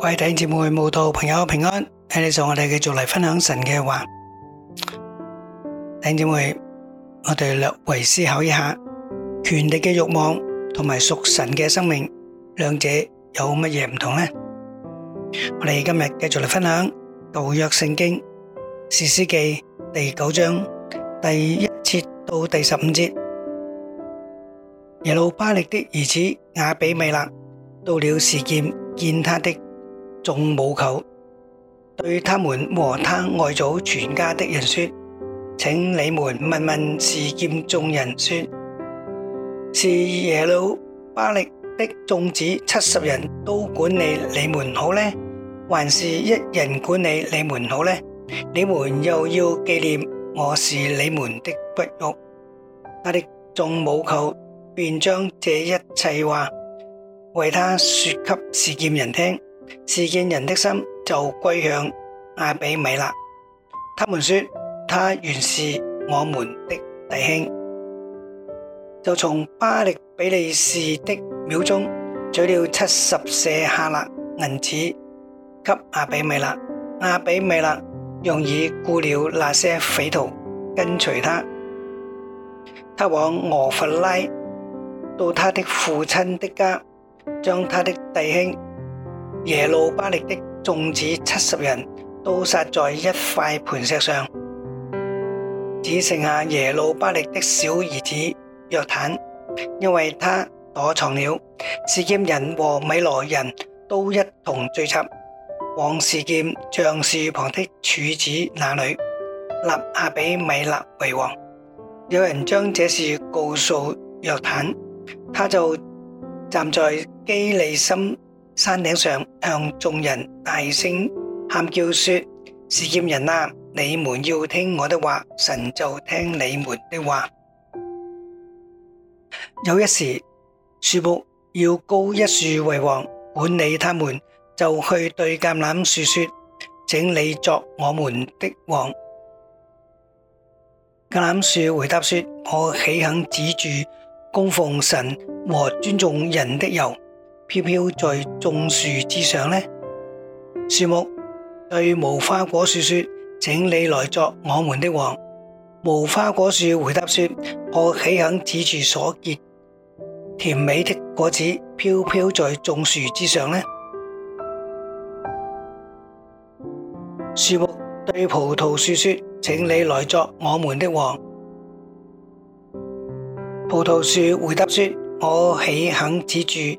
各位弟兄姊妹、慕道朋友平安，喺呢度我哋繼續嚟分享神嘅話。弟兄姊妹，我哋略為思考一下，權力嘅欲望同埋屬神嘅生命兩者有乜嘢唔同呢？我哋今日繼續嚟分享舊約聖經士師記第九章第一節到第十五節。耶路巴力的兒子亞比米勒到了事件，見他的。眾母舅對他們和他外祖全家的人說：請你們問問示劍眾人說：是耶路巴力的眾子七十人都管理你們好呢，還是一人管理你們好呢？你們又要紀念我是你們的骨肉。他的眾母舅便將這一切話為他說給示劍人聽。事件人的心就歸向阿比米勒，他們說他原是我們的弟兄。就從巴力比利士的廟中取了七十捨客勒銀子給阿比米勒，阿比米勒用以僱了那些匪徒跟隨他。他往俄弗拉到他的父親的家，將他的弟兄，耶路巴力的眾子七十人都殺在一塊磐石上，只剩下耶路巴力的小兒子約坦，因為他躲藏了。示劍人和米羅人都一同聚集往示劍橡樹旁的柱子那裏立亞比米勒為王。有人將這事告訴約坦，他就站在基利心。山頂上向眾人大聲喊叫說：示劍人啊，你們要聽我的話，神就聽你們的話。有一時，樹木要高一樹為王，管理他們，就去對橄欖樹說：請你作我們的王。橄欖樹回答說：我豈肯止住供奉神和尊重人的油？飄飄在眾樹之上呢？樹木對無花果樹說：請你來作我們的王。無花果樹回答說：我豈肯止住所結甜美的果子，飄飄在眾樹之上呢？樹木對葡萄樹說：請你來作我們的王。葡萄樹回答說：我豈肯止住？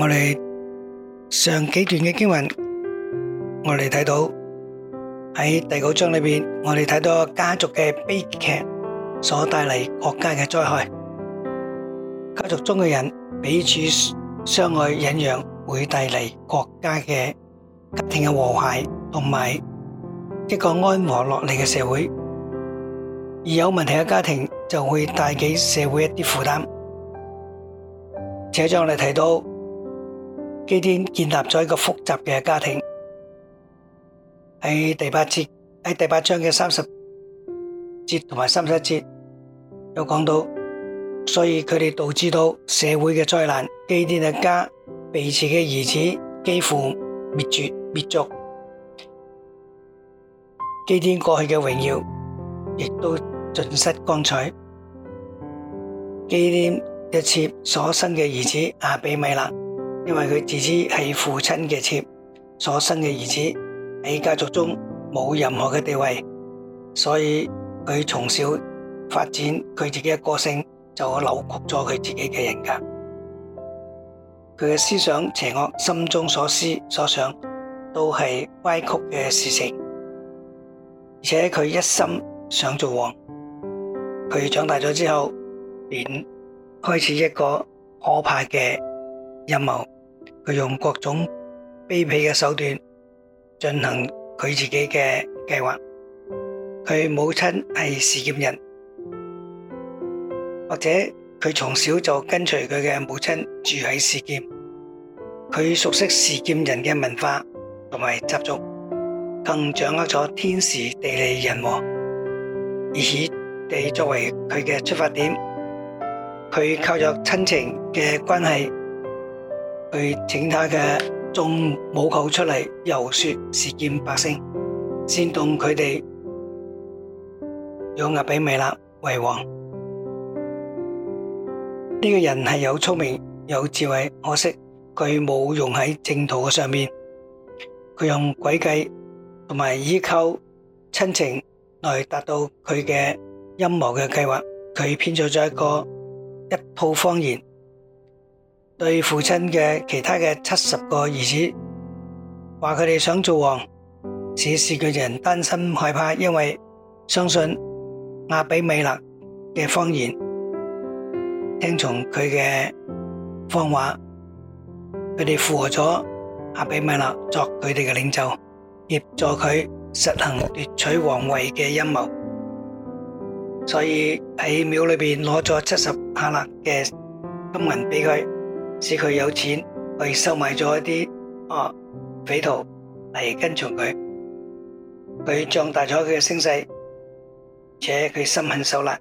我哋上幾段嘅經文，我哋睇到喺第九章裏面，我哋睇到家族嘅悲劇所帶嚟國家嘅災害，家族中嘅人彼此相愛忍讓，會帶嚟國家嘅家庭嘅和諧同埋一個安和落嚟嘅社會。而有問題嘅家庭就會帶俾社會一啲負擔。呢一章我哋睇到。基甸建立咗一個複雜嘅家庭，喺第八節，喺第八章嘅三十節同埋三十一節，有講到，所以佢哋導致到社會嘅災難。基甸嘅家，被自己嘅兒子幾乎滅絕、滅族。基甸過去嘅榮耀亦都盡失光彩。基甸一次所生嘅兒子阿比米勒。因為佢自知係父親嘅妾所生嘅兒子，喺家族中冇任何嘅地位，所以佢從小發展佢自己嘅個性，就扭曲咗佢自己嘅人格。佢嘅思想邪惡，心中所思所想都係歪曲嘅事情，而且佢一心想做王。佢長大咗之後，便開始一個可怕嘅。陰謀，佢用各種卑鄙嘅手段進行佢自己嘅計劃。佢母親係士劍人，或者佢從小就跟隨佢嘅母親住喺士劍，佢熟悉士劍人嘅文化同埋習俗，更掌握咗天時地利人和，而且地作為佢嘅出發點。佢靠咗親情嘅關係。佢請他，他的眾母舅出來遊說，事件百姓，煽動他們擁立阿比米納為王。這個人是有聰明、有智慧，可惜佢冇用在正途上面，他用詭計和依靠親情來達到他的陰謀的計劃。他編造了一個一套謊言。對父親嘅其他嘅七十個兒子，話佢哋想做王，此是個人擔心害怕，因為相信亞比米勒的謊言，聽從佢嘅謊話，佢哋附和咗亞比米勒作佢哋嘅領袖，協助佢實行奪取皇位的陰謀，所以喺廟裏面拿了七十阿勒的金銀畀佢使佢有錢去收買咗一啲、啊、匪徒嚟跟從佢，佢壯大咗佢嘅聲勢，且佢心狠手辣，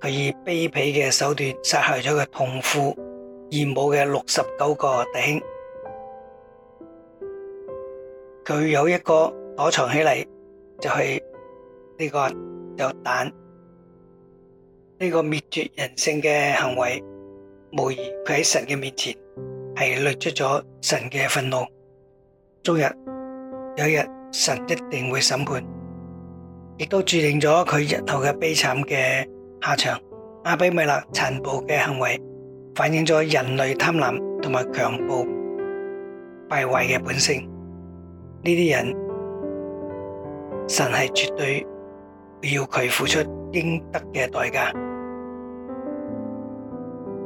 佢以卑鄙嘅手段殺害咗佢同父異母嘅六十九個弟兄。佢有一個躲藏起嚟，就係呢、這個有彈呢個滅絕人性嘅行為。無疑佢喺神嘅面前係掠出咗神嘅憤怒。終日有一日，神一定會審判，亦都注定咗佢日後嘅悲慘嘅下場。阿比米勒殘暴嘅行為反映咗人類貪婪同埋強暴敗壞嘅本性。呢啲人，神係絕對要佢付出應得嘅代價。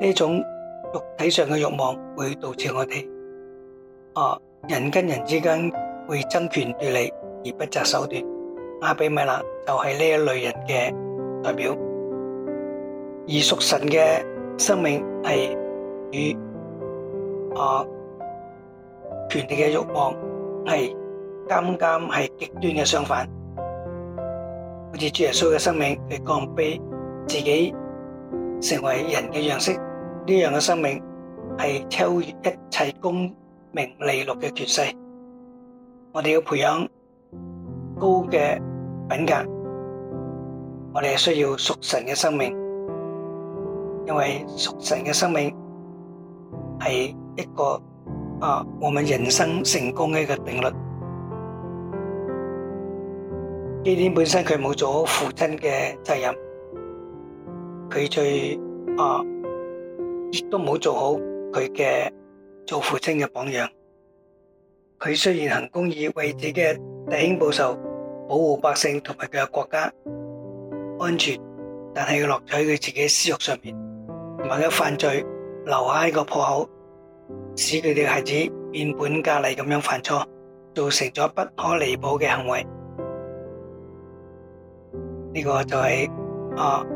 呢種肉體上嘅欲望會導致我哋啊，人跟人之間會爭權奪利而不擇手段。阿比米勒就係呢一類人嘅代表，而屬神嘅生命係與啊權力嘅欲望係啱啱係極端嘅相反。好似主耶穌嘅生命去降卑自己成為人嘅樣式。呢樣嘅生命係超越一切功名利祿嘅絕世，我哋要培養高嘅品格，我哋係需要屬神嘅生命，因為屬神嘅生命係一個啊，我們人生成功嘅一個定律。基天本身佢冇做好父親嘅責任，佢最啊。亦都冇做好佢嘅做父親嘅榜樣。佢雖然行公義，為自己嘅弟兄報仇，保護百姓同埋佢嘅國家安全，但係要落喺佢自己私慾上面，同埋犯罪留下一個破口，使佢哋嘅孩子變本加厲咁樣犯錯，造成咗不可彌補嘅行為。呢、這個就係、是、啊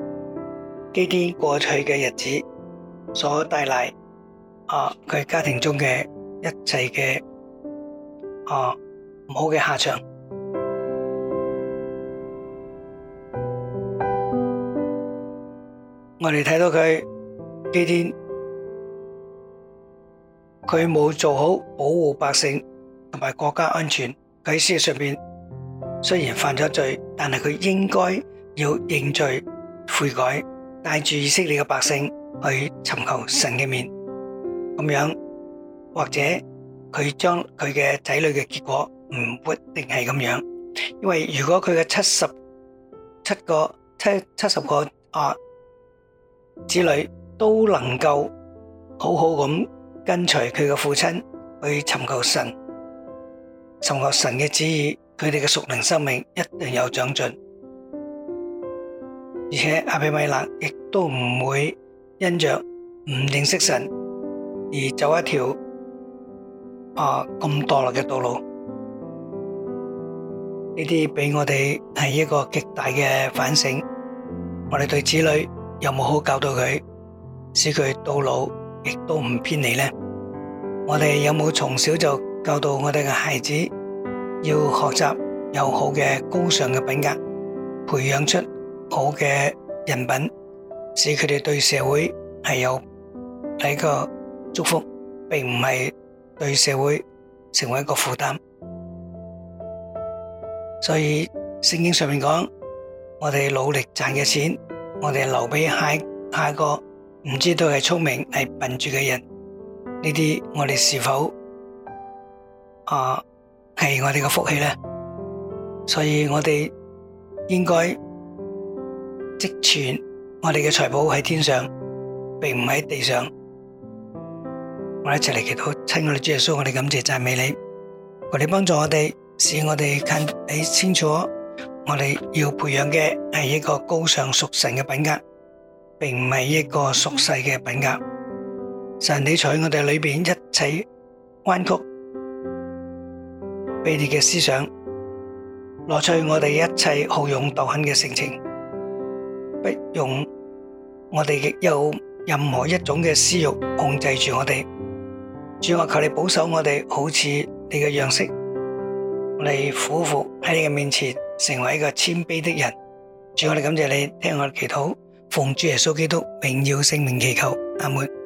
呢啲過去嘅日子。所帶嚟，啊，佢家庭中嘅一切嘅啊唔好嘅下場。我哋睇到佢今天，佢冇做好保護百姓同埋國家安全。佢喺事實上面雖然犯咗罪，但係佢應該要認罪悔改，帶住以色列嘅百姓，去尋求神嘅面咁樣，或者佢將佢嘅仔女嘅結果唔一定係咁樣，因為如果佢嘅七十七個七七十個啊子女都能夠好好咁跟隨佢嘅父親去尋求神、尋求神嘅旨意，佢哋嘅屬靈生命一定有長進，而且阿比米勒亦都唔會。因着唔認識神而走一條啊咁墮落嘅道路，呢啲俾我哋係一個極大嘅反省。我哋對子女有冇好教導佢，使佢到老亦都唔偏離呢？我哋有冇從小就教導我哋嘅孩子要學習有好嘅高尚嘅品格，培養出好嘅人品？使佢哋對社會係有一個祝福，並唔係對社會成為一個負擔。所以聖經上面講，我哋努力賺嘅錢，我哋留俾下下個唔知道係聰明係笨住嘅人，呢啲我哋是否啊係我哋嘅福氣呢？所以我哋應該積存。我哋嘅財寶喺天上，並唔喺地上。我哋一齊嚟祈禱，親愛的主耶穌，我哋感謝讚美你，我哋幫助我哋，使我哋看清楚，我哋要培養嘅係一個高尚屬神嘅品格，並唔係一個俗世嘅品格。神，你在我哋裏面一切彎曲，卑劣嘅思想，挪取我哋一切好勇鬥狠嘅性情。不用我哋亦有任何一種嘅私欲控制住我哋，主，我求你保守我哋，好似你嘅樣式，我哋俯伏喺你嘅面前，成為一個謙卑的人。主，我哋感謝你聽我的祈禱，奉主耶穌基督榮耀聖名祈求，阿門。